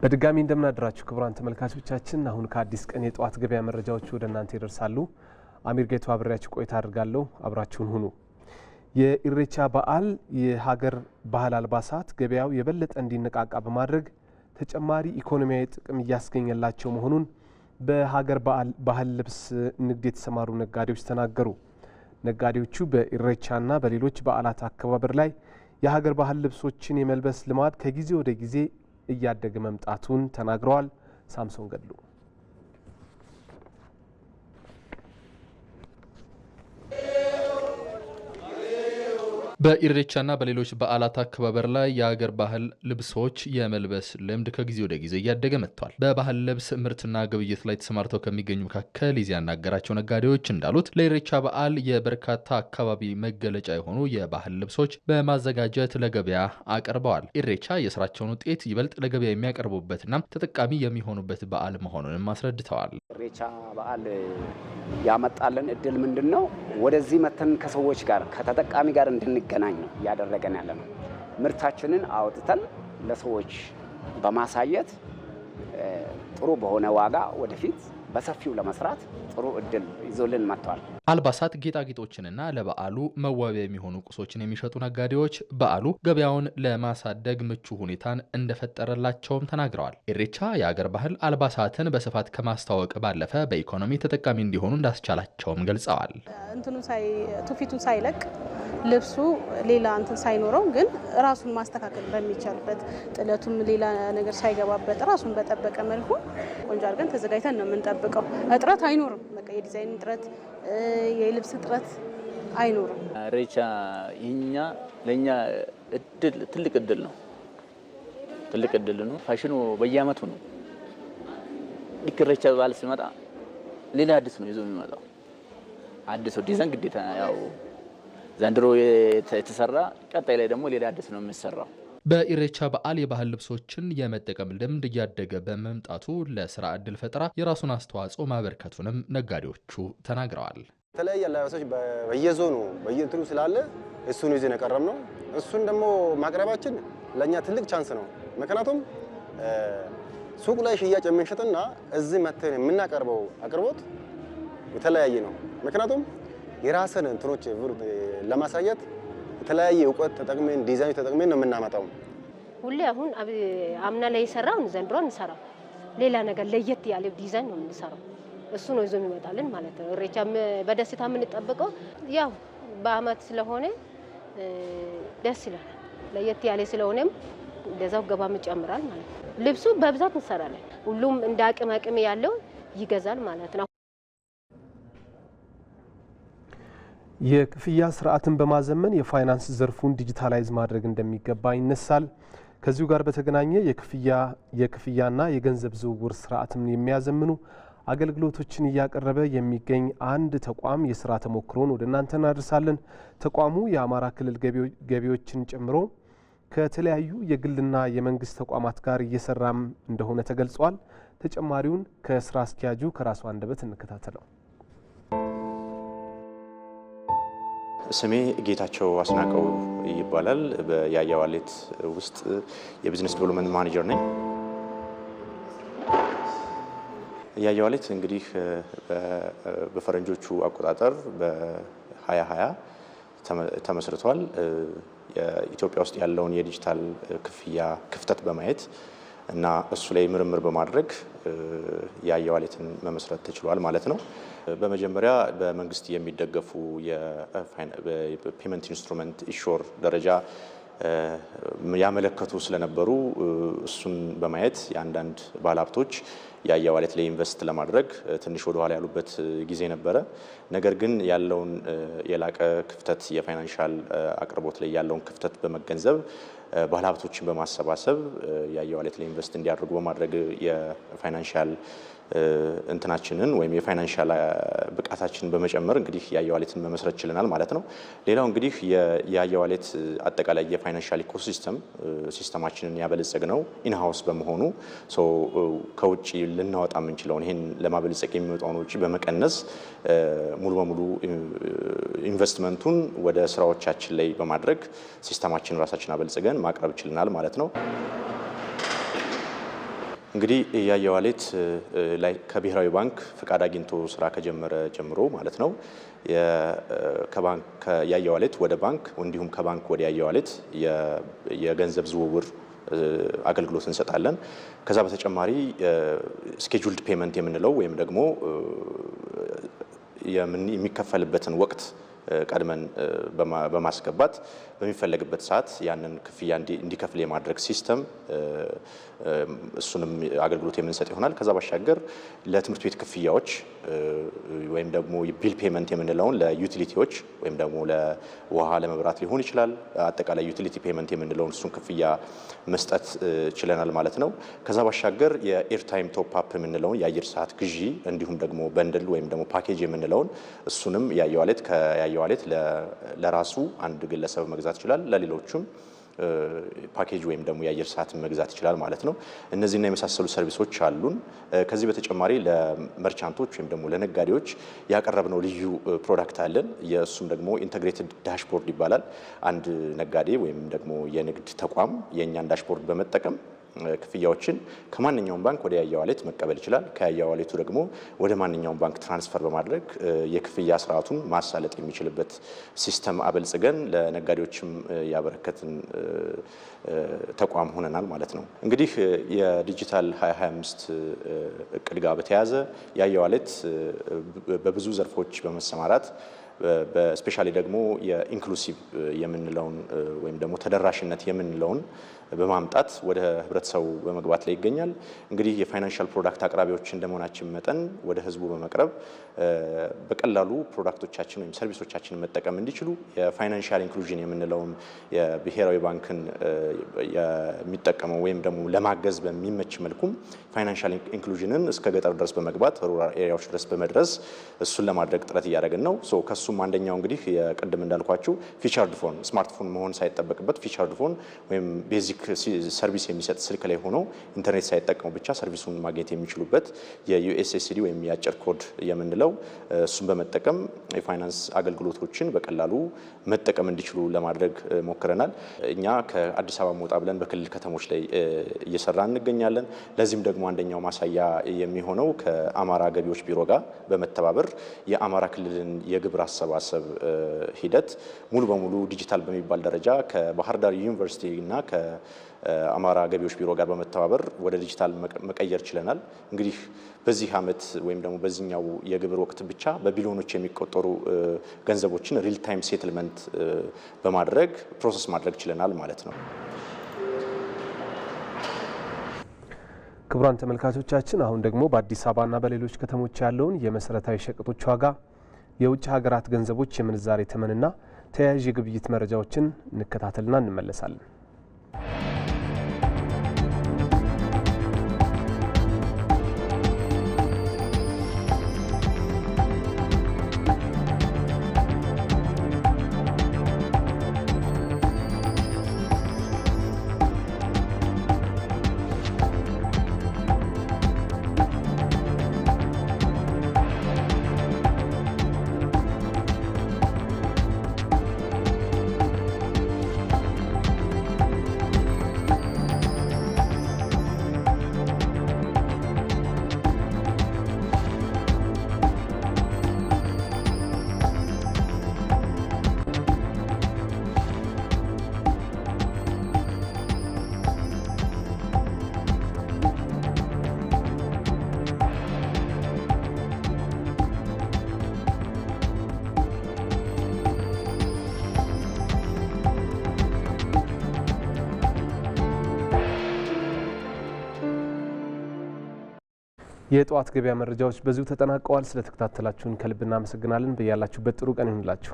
በድጋሚ እንደምናደራችሁ ክቡራን ተመልካቾቻችን፣ አሁን ከአዲስ ቀን የጠዋት ገበያ መረጃዎች ወደ እናንተ ይደርሳሉ። አሚር ጌቱ አብሬያችሁ ቆይታ አድርጋለሁ። አብራችሁን ሁኑ። የኢሬቻ በዓል የሀገር ባህል አልባሳት ገበያው የበለጠ እንዲነቃቃ በማድረግ ተጨማሪ ኢኮኖሚያዊ ጥቅም እያስገኘላቸው መሆኑን በሀገር ባህል ልብስ ንግድ የተሰማሩ ነጋዴዎች ተናገሩ። ነጋዴዎቹ በኢሬቻና በሌሎች በዓላት አከባበር ላይ የሀገር ባህል ልብሶችን የመልበስ ልማድ ከጊዜ ወደ ጊዜ እያደገ መምጣቱን ተናግረዋል። ሳምሶን ገድሉ በኢሬቻና በሌሎች በዓላት አከባበር ላይ የአገር ባህል ልብሶች የመልበስ ልምድ ከጊዜ ወደ ጊዜ እያደገ መጥቷል። በባህል ልብስ ምርትና ግብይት ላይ ተሰማርተው ከሚገኙ መካከል ይዚ ያናገራቸው ነጋዴዎች እንዳሉት ለኢሬቻ በዓል የበርካታ አካባቢ መገለጫ የሆኑ የባህል ልብሶች በማዘጋጀት ለገበያ አቅርበዋል። ኢሬቻ የስራቸውን ውጤት ይበልጥ ለገበያ የሚያቀርቡበትና ተጠቃሚ የሚሆኑበት በዓል መሆኑንም አስረድተዋል። ኢሬቻ በዓል ያመጣልን እድል ምንድን ነው? ወደዚህ መተን ከሰዎች ጋር ከተጠቃሚ ጋር እንድንገ እንድንገናኝ ነው እያደረገን ያለ ነው። ምርታችንን አውጥተን ለሰዎች በማሳየት ጥሩ በሆነ ዋጋ ወደፊት በሰፊው ለመስራት ጥሩ እድል ይዞልን መጥተዋል። አልባሳት፣ ጌጣጌጦችንና ለበዓሉ መዋቢያ የሚሆኑ ቁሶችን የሚሸጡ ነጋዴዎች በዓሉ ገበያውን ለማሳደግ ምቹ ሁኔታን እንደፈጠረላቸውም ተናግረዋል። ኢሬቻ የአገር ባህል አልባሳትን በስፋት ከማስተዋወቅ ባለፈ በኢኮኖሚ ተጠቃሚ እንዲሆኑ እንዳስቻላቸውም ገልጸዋል። እንትኑ ሳይ ትውፊቱን ሳይለቅ ልብሱ ሌላ እንትን ሳይኖረው ግን ራሱን ማስተካከል በሚቻልበት ጥለቱም ሌላ ነገር ሳይገባበት ራሱን በጠበቀ መልኩ ቆንጆ አድርገን ተዘጋጅተን ነው የምንጠብቀው። እጥረት አይኖርም። በቃ የዲዛይን እጥረት፣ የልብስ እጥረት አይኖርም። ሬቻ ይኛ ለእኛ እድል ትልቅ እድል ነው። ትልቅ እድል ነው። ፋሽኑ በየአመቱ ነው። ልክ ኢሬቻ በዓል ሲመጣ ሌላ አዲስ ነው ይዞ የሚመጣው አዲሱ ዲዛይን ግዴታ ያው ዘንድሮ የተሰራ ቀጣይ ላይ ደግሞ ሌላ አዲስ ነው የሚሰራው። በኢሬቻ በዓል የባህል ልብሶችን የመጠቀም ልምድ እያደገ በመምጣቱ ለስራ እድል ፈጠራ የራሱን አስተዋጽኦ ማበርከቱንም ነጋዴዎቹ ተናግረዋል። የተለያየ አለባበሶች በየዞኑ በየእንትኑ ስላለ እሱን ይዘን የቀረብ ነው። እሱን ደግሞ ማቅረባችን ለእኛ ትልቅ ቻንስ ነው። ምክንያቱም ሱቅ ላይ ሽያጭ የምንሸጥና እዚህ መተን የምናቀርበው አቅርቦት የተለያየ ነው። ምክንያቱም የራስን እንትኖች ለማሳየት የተለያየ እውቀት ተጠቅሜን ዲዛይን ተጠቅሜን ነው የምናመጣው። ሁሌ አሁን አምና ላይ የሰራውን ዘንድሮ እንሰራው ሌላ ነገር ለየት ያለ ዲዛይን ነው የምንሰራው። እሱ ነው ይዞ የሚመጣልን ማለት ነው። እሬቻ በደስታ የምንጠብቀው ያው በአመት ስለሆነ ደስ ይላል። ለየት ያለ ስለሆነም እንደዛው ገባም ይጨምራል ማለት ነው። ልብሱ በብዛት እንሰራለን። ሁሉም እንደ አቅም አቅም ያለው ይገዛል ማለት ነው። የክፍያ ስርዓትን በማዘመን የፋይናንስ ዘርፉን ዲጂታላይዝ ማድረግ እንደሚገባ ይነሳል። ከዚሁ ጋር በተገናኘ የክፍያና የገንዘብ ዝውውር ስርዓትን የሚያዘምኑ አገልግሎቶችን እያቀረበ የሚገኝ አንድ ተቋም የስራ ተሞክሮን ወደ እናንተ እናደርሳለን። ተቋሙ የአማራ ክልል ገቢዎችን ጨምሮ ከተለያዩ የግልና የመንግስት ተቋማት ጋር እየሰራም እንደሆነ ተገልጿል። ተጨማሪውን ከስራ አስኪያጁ ከራሱ አንደበት እንከታተለው። ስሜ ጌታቸው አስናቀው ይባላል። በያያ ዋሌት ውስጥ የቢዝነስ ዴቨሎፕመንት ማኔጀር ነኝ። ያያ ዋሌት እንግዲህ በፈረንጆቹ አቆጣጠር በ2020 ተመስርቷል። ኢትዮጵያ ውስጥ ያለውን የዲጂታል ክፍያ ክፍተት በማየት እና እሱ ላይ ምርምር በማድረግ ያያ ዋሌትን መመስረት ተችሏል ማለት ነው። በመጀመሪያ በመንግስት የሚደገፉ የፔመንት ኢንስትሩመንት ኢሾር ደረጃ ያመለከቱ ስለነበሩ እሱን በማየት የአንዳንድ ባለሀብቶች የአያ ዋሌት ላይ ኢንቨስት ለማድረግ ትንሽ ወደ ኋላ ያሉበት ጊዜ ነበረ። ነገር ግን ያለውን የላቀ ክፍተት የፋይናንሻል አቅርቦት ላይ ያለውን ክፍተት በመገንዘብ ባለሀብቶችን በማሰባሰብ የአያ ዋሌት ላይ ኢንቨስት እንዲያደርጉ በማድረግ የፋይናንሻል እንትናችንን ወይም የፋይናንሻል ብቃታችንን በመጨመር እንግዲህ የአየዋሌትን መመስረት ችለናል ማለት ነው። ሌላው እንግዲህ የአየዋሌት አጠቃላይ የፋይናንሻል ኢኮሲስተም ሲስተማችንን ያበለጸግ ነው ኢንሃውስ በመሆኑ ከውጭ ልናወጣ የምንችለውን ይህን ለማበለጸግ የሚወጣውን ውጭ በመቀነስ ሙሉ በሙሉ ኢንቨስትመንቱን ወደ ስራዎቻችን ላይ በማድረግ ሲስተማችን ራሳችን አበልጽገን ማቅረብ ችለናል ማለት ነው። እንግዲህ ያየ ዋሌት ላይ ከብሔራዊ ባንክ ፍቃድ አግኝቶ ስራ ከጀመረ ጀምሮ ማለት ነው ያየ ዋሌት ወደ ባንክ እንዲሁም ከባንክ ወደ ያየ ዋሌት የገንዘብ ዝውውር አገልግሎት እንሰጣለን። ከዛ በተጨማሪ ስኬጁልድ ፔመንት የምንለው ወይም ደግሞ የሚከፈልበትን ወቅት ቀድመን በማስገባት በሚፈለግበት ሰዓት ያንን ክፍያ እንዲከፍል የማድረግ ሲስተም እሱንም አገልግሎት የምንሰጥ ይሆናል። ከዛ ባሻገር ለትምህርት ቤት ክፍያዎች ወይም ደግሞ ቢል ፔመንት የምንለውን ለዩቲሊቲዎች ወይም ደግሞ ለውሃ ለመብራት ሊሆን ይችላል። አጠቃላይ ዩቲሊቲ ፔመንት የምንለውን እሱን ክፍያ መስጠት ችለናል ማለት ነው። ከዛ ባሻገር የኤርታይም ቶፕ አፕ የምንለውን የአየር ሰዓት ግዢ እንዲሁም ደግሞ በንድል ወይም ደግሞ ፓኬጅ የምንለውን እሱንም ያየዋሌት ከያየዋሌት ለራሱ አንድ ግለሰብ መግዛት ይችላል ለሌሎቹም ፓኬጅ ወይም ደግሞ የአየር ሰዓትን መግዛት ይችላል ማለት ነው። እነዚህና የመሳሰሉ ሰርቪሶች አሉን። ከዚህ በተጨማሪ ለመርቻንቶች ወይም ደግሞ ለነጋዴዎች ያቀረብነው ልዩ ፕሮዳክት አለን። የእሱም ደግሞ ኢንተግሬትድ ዳሽቦርድ ይባላል። አንድ ነጋዴ ወይም ደግሞ የንግድ ተቋም የእኛን ዳሽቦርድ በመጠቀም ክፍያዎችን ከማንኛውም ባንክ ወደ ያያ ዋሌት መቀበል ይችላል። ከያያ ዋሌቱ ደግሞ ወደ ማንኛውም ባንክ ትራንስፈር በማድረግ የክፍያ ስርዓቱን ማሳለጥ የሚችልበት ሲስተም አበልጽገን ለነጋዴዎችም ያበረከትን ተቋም ሆነናል ማለት ነው። እንግዲህ የዲጂታል 2025 እቅድ ጋር በተያያዘ ያያ ዋሌት በብዙ ዘርፎች በመሰማራት በስፔሻሊ ደግሞ የኢንክሉሲቭ የምንለውን ወይም ደግሞ ተደራሽነት የምንለውን በማምጣት ወደ ህብረተሰቡ በመግባት ላይ ይገኛል። እንግዲህ የፋይናንሻል ፕሮዳክት አቅራቢዎች እንደመሆናችን መጠን ወደ ህዝቡ በመቅረብ በቀላሉ ፕሮዳክቶቻችን ወይም ሰርቪሶቻችንን መጠቀም እንዲችሉ የፋይናንሻል ኢንክሉዥን የምንለውም የብሔራዊ ባንክን የሚጠቀመው ወይም ደግሞ ለማገዝ በሚመች መልኩም ፋይናንሻል ኢንክሉዥንን እስከ ገጠር ድረስ በመግባት ሩራል ኤሪያዎች ድረስ በመድረስ እሱን ለማድረግ ጥረት እያደረግን ነው። ከሱም አንደኛው እንግዲህ የቅድም እንዳልኳችሁ ፊቸርድ ፎን ስማርትፎን መሆን ሳይጠበቅበት ፊቸርድ ፎን ወይም ቤዚክ ስልክ ሰርቪስ የሚሰጥ ስልክ ላይ ሆኖ ኢንተርኔት ሳይጠቀሙ ብቻ ሰርቪሱን ማግኘት የሚችሉበት የዩኤስኤስዲ ወይም የአጭር ኮድ የምንለው እሱን በመጠቀም የፋይናንስ አገልግሎቶችን በቀላሉ መጠቀም እንዲችሉ ለማድረግ ሞክረናል። እኛ ከአዲስ አበባ መውጣ ብለን በክልል ከተሞች ላይ እየሰራ እንገኛለን። ለዚህም ደግሞ አንደኛው ማሳያ የሚሆነው ከአማራ ገቢዎች ቢሮ ጋር በመተባበር የአማራ ክልልን የግብር አሰባሰብ ሂደት ሙሉ በሙሉ ዲጂታል በሚባል ደረጃ ከባህር ዳር ዩኒቨርሲቲ እና አማራ ገቢዎች ቢሮ ጋር በመተባበር ወደ ዲጂታል መቀየር ችለናል። እንግዲህ በዚህ ዓመት ወይም ደግሞ በዚህኛው የግብር ወቅት ብቻ በቢሊዮኖች የሚቆጠሩ ገንዘቦችን ሪል ታይም ሴትልመንት በማድረግ ፕሮሰስ ማድረግ ችለናል ማለት ነው። ክቡራን ተመልካቾቻችን አሁን ደግሞ በአዲስ አበባና በሌሎች ከተሞች ያለውን የመሰረታዊ ሸቀጦች ዋጋ፣ የውጭ ሀገራት ገንዘቦች የምንዛሬ ተመንና ተያያዥ የግብይት መረጃዎችን እንከታተልና እንመለሳለን። የጠዋት ገበያ መረጃዎች በዚሁ ተጠናቀዋል። ስለተከታተላችሁን ከልብ እናመሰግናለን። በያላችሁበት ጥሩ ቀን ይሁንላችሁ።